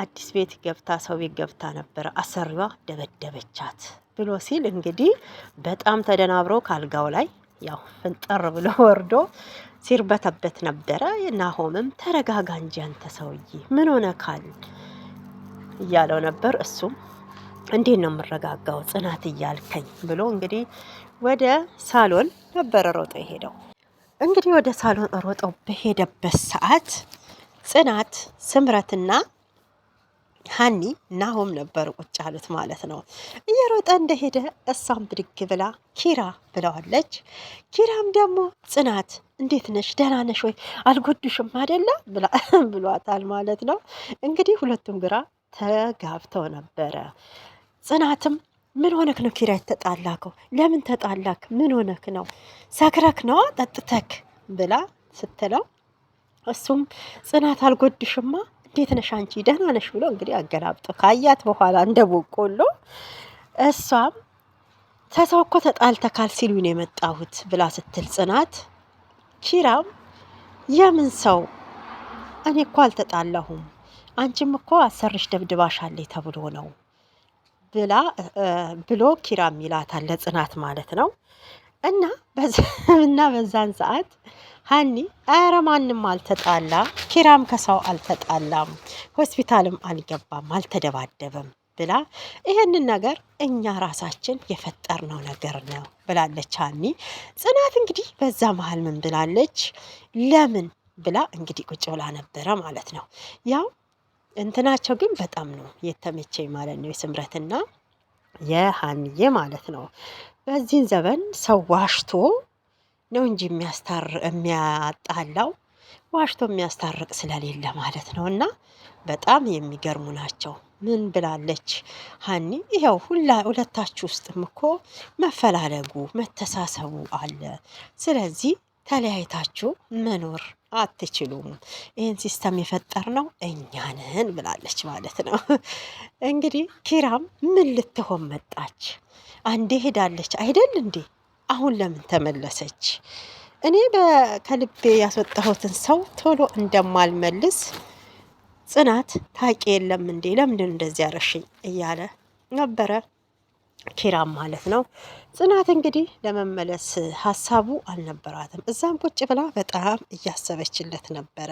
አዲስ ቤት ገብታ ሰው ቤት ገብታ ነበረ፣ አሰሪዋ ደበደበቻት ብሎ ሲል እንግዲህ በጣም ተደናብሮ ካልጋው ላይ ያው ፍንጠር ብሎ ወርዶ ሲርበተበት ነበረ። ናሆምም ተረጋጋ እንጂ አንተ ሰውዬ ምን ሆነካል እያለው ነበር። እሱም እንዴት ነው የምረጋጋው ጽናት እያልከኝ ብሎ እንግዲህ ወደ ሳሎን ነበረ ሮጦ የሄደው። እንግዲህ ወደ ሳሎን ሮጦ በሄደበት ሰዓት ጽናት ስምረትና ሀኒ ናሆም ነበሩ ቁጭ ያሉት ማለት ነው። እየሮጠ እንደሄደ እሷም ብድግ ብላ ኪራ ብለዋለች። ኪራም ደግሞ ጽናት እንዴት ነሽ? ደህና ነሽ ወይ? አልጎዱሽም አይደለ? ብሏታል ማለት ነው። እንግዲህ ሁለቱም ግራ ተጋብተው ነበረ። ጽናትም ምን ሆነክ ነው ኪራ የተጣላከው? ለምን ተጣላክ? ምን ሆነክ ነው? ሰክረክ ነው ጠጥተክ? ብላ ስትለው እሱም ጽናት አልጎድሽማ እንዴት ነሽ አንቺ ደህና ነሽ ብሎ እንግዲህ አገላብጦ ካያት በኋላ እንደ ቦቆሎ እሷም ተሰው እኮ ተጣልተካል ሲሉኝ ነው የመጣሁት ብላ ስትል ጽናት ኪራም የምን ሰው እኔ እኮ አልተጣላሁም አንቺም እኮ አሰርሽ ደብድባሻለች ተብሎ ነው ብላ ብሎ ኪራም ይላታል ለጽናት ማለት ነው። እና እና በዛን ሰዓት ሀኒ ኧረ ማንም አልተጣላ፣ ኪራም ከሰው አልተጣላም፣ ሆስፒታልም አልገባም፣ አልተደባደበም ብላ ይህንን ነገር እኛ ራሳችን የፈጠርነው ነገር ነው ብላለች ሀኒ። ጽናት እንግዲህ በዛ መሀል ምን ብላለች? ለምን ብላ እንግዲህ ቁጭ ብላ ነበረ ማለት ነው። ያው እንትናቸው ግን በጣም ነው የተመቸኝ ማለት ነው የስምረትና የሀኒዬ ማለት ነው በዚህን ዘመን ሰው ዋሽቶ ነው እንጂ የሚያጣላው ዋሽቶ የሚያስታርቅ ስለሌለ ማለት ነው። እና በጣም የሚገርሙ ናቸው። ምን ብላለች ሀኒ? ይኸው ሁለታችሁ ውስጥም እኮ መፈላለጉ መተሳሰቡ አለ። ስለዚህ ተለያይታችሁ መኖር አትችሉም፣ ይህን ሲስተም የፈጠር ነው እኛንን ብላለች ማለት ነው። እንግዲህ ኪራም ምን ልትሆን መጣች? አንዴ ሄዳለች አይደል እንዴ? አሁን ለምን ተመለሰች? እኔ ከልቤ ያስወጣሁትን ሰው ቶሎ እንደማልመልስ ጽናት ታቂ የለም እንዴ? ለምንድን እንደዚህ ያረሽኝ? እያለ ነበረ ኪራም ማለት ነው። ጽናት እንግዲህ ለመመለስ ሀሳቡ አልነበራትም። እዛም ቁጭ ብላ በጣም እያሰበችለት ነበረ።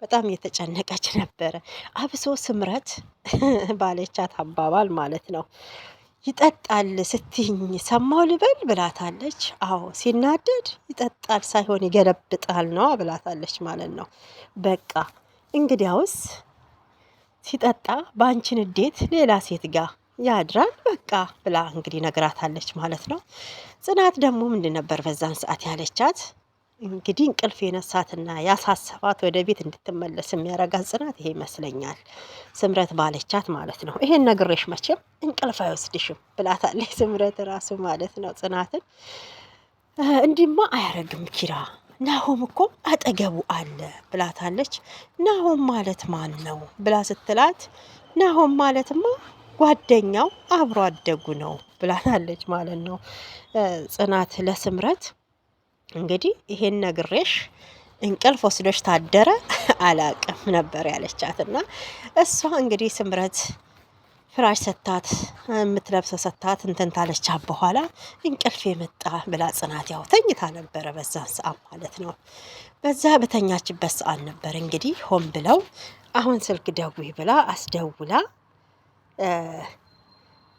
በጣም እየተጨነቀች ነበረ። አብሶ ስምረት ባለቻት አባባል ማለት ነው ይጠጣል ስትኝ ሰማው ልበል ብላታለች። አዎ ሲናደድ ይጠጣል ሳይሆን ይገለብጣል ነው ብላታለች ማለት ነው። በቃ እንግዲያውስ ሲጠጣ በአንቺን እንዴት ሌላ ሴት ጋር ያድራል በቃ ብላ እንግዲህ ነግራታለች ማለት ነው። ጽናት ደግሞ ምንድን ነበር በዛን ሰዓት ያለቻት? እንግዲህ እንቅልፍ የነሳትና ያሳሰባት ወደ ቤት እንድትመለስ የሚያረጋት ጽናት ይሄ ይመስለኛል፣ ስምረት ባለቻት ማለት ነው። ይሄን ነግሬሽ መቼም እንቅልፍ አይወስድሽም ብላታለች ስምረት ራሱ ማለት ነው። ጽናትን እንዲማ አያረግም ኪራ ናሆም እኮ አጠገቡ አለ ብላታለች። ናሆም ማለት ማን ነው ብላ ስትላት ናሆም ማለትማ ጓደኛው አብሮ አደጉ ነው ብላናለች ማለት ነው። ጽናት ለስምረት እንግዲህ ይሄን ነግሬሽ እንቅልፍ ወስዶች ታደረ አላቅም ነበር ያለቻት እና እሷ እንግዲህ ስምረት ፍራሽ ሰታት የምትለብሰ ሰታት እንትን ታለቻት በኋላ እንቅልፍ የመጣ ብላ ጽናት ያው ተኝታ ነበረ በዛ ሰዓት ማለት ነው። በዛ በተኛችበት ሰዓት ነበር እንግዲህ ሆን ብለው አሁን ስልክ ደዊ ብላ አስደውላ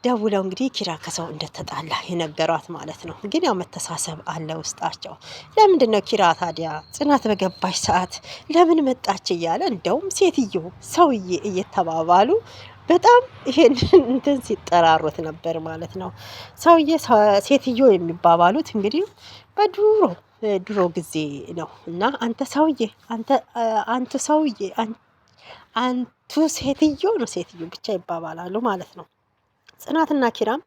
ደውለው እንግዲህ ኪራ ከሰው እንደተጣላ የነገሯት ማለት ነው። ግን ያው መተሳሰብ አለ ውስጣቸው። ለምንድን ነው ኪራ ታዲያ ጽናት በገባች ሰዓት ለምን መጣች እያለ እንደውም ሴትዮ ሰውዬ እየተባባሉ በጣም ይሄን እንትን ሲጠራሩት ነበር ማለት ነው። ሰውዬ ሴትዮ የሚባባሉት እንግዲህ በድሮ ድሮ ጊዜ ነው እና አንተ ሰውዬ አንተ አንተ ሰውዬ አንተ ቱ ሴትዮ ነው ሴትዮ ብቻ ይባባላሉ ማለት ነው። ጽናትና ኪራም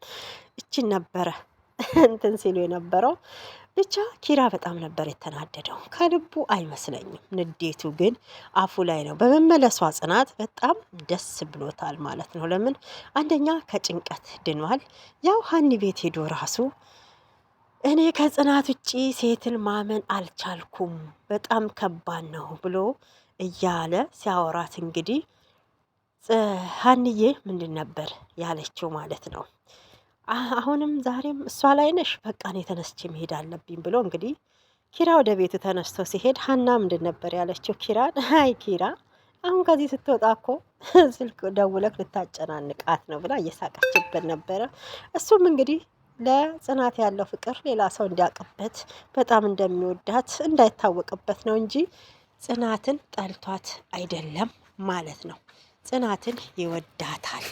እችን ነበረ እንትን ሲሉ የነበረው ብቻ ኪራ በጣም ነበር የተናደደው። ከልቡ አይመስለኝም። ንዴቱ ግን አፉ ላይ ነው። በመመለሷ ጽናት በጣም ደስ ብሎታል ማለት ነው። ለምን አንደኛ ከጭንቀት ድኗል። ያው ሀኒ ቤት ሄዶ ራሱ እኔ ከጽናት ውጪ ሴትን ማመን አልቻልኩም፣ በጣም ከባድ ነው ብሎ እያለ ሲያወራት እንግዲህ ሀንዬ ምንድን ነበር ያለችው ማለት ነው። አሁንም ዛሬም እሷ ላይ ነሽ፣ በቃ እኔ ተነስቼ መሄድ አለብኝ ብሎ እንግዲህ ኪራ ወደ ቤቱ ተነስቶ ሲሄድ ሀና ምንድን ነበር ያለችው ኪራን? አይ ኪራ አሁን ከዚህ ስትወጣ እኮ ስልክ ደውለክ ልታጨናንቃት ነው ብላ እየሳቀችበት ነበረ። እሱም እንግዲህ ለጽናት ያለው ፍቅር ሌላ ሰው እንዲያውቅበት በጣም እንደሚወዳት እንዳይታወቅበት ነው እንጂ ጽናትን ጠልቷት አይደለም ማለት ነው። ጽናትን ይወዳታል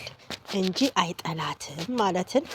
እንጂ አይጠላትም ማለትን